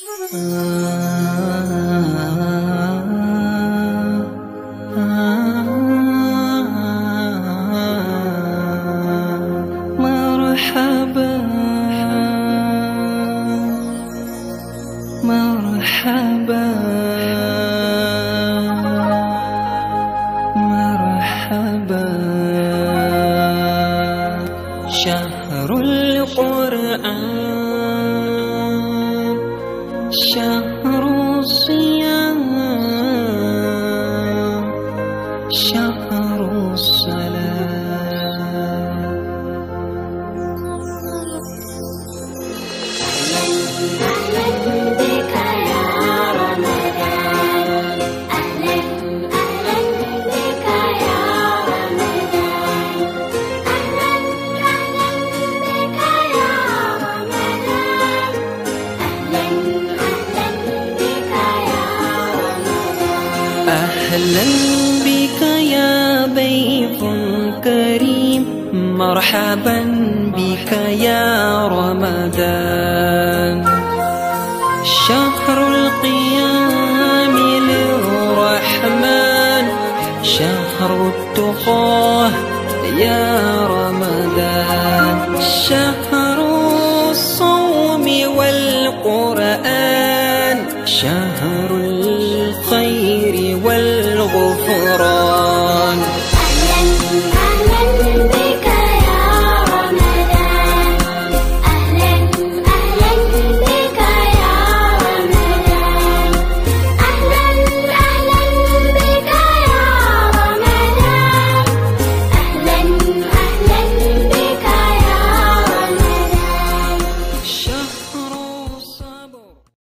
مرحبا مرحبا مرحبا شهر القرآن شهر الصيام شهر الصلاة Thank you. أهلا بك يا ضيف كريم مرحبا بك يا رمضان شهر القيام للرحمن شهر التقاه يا رمضان شهر الصوم والقرآن شهر الغفران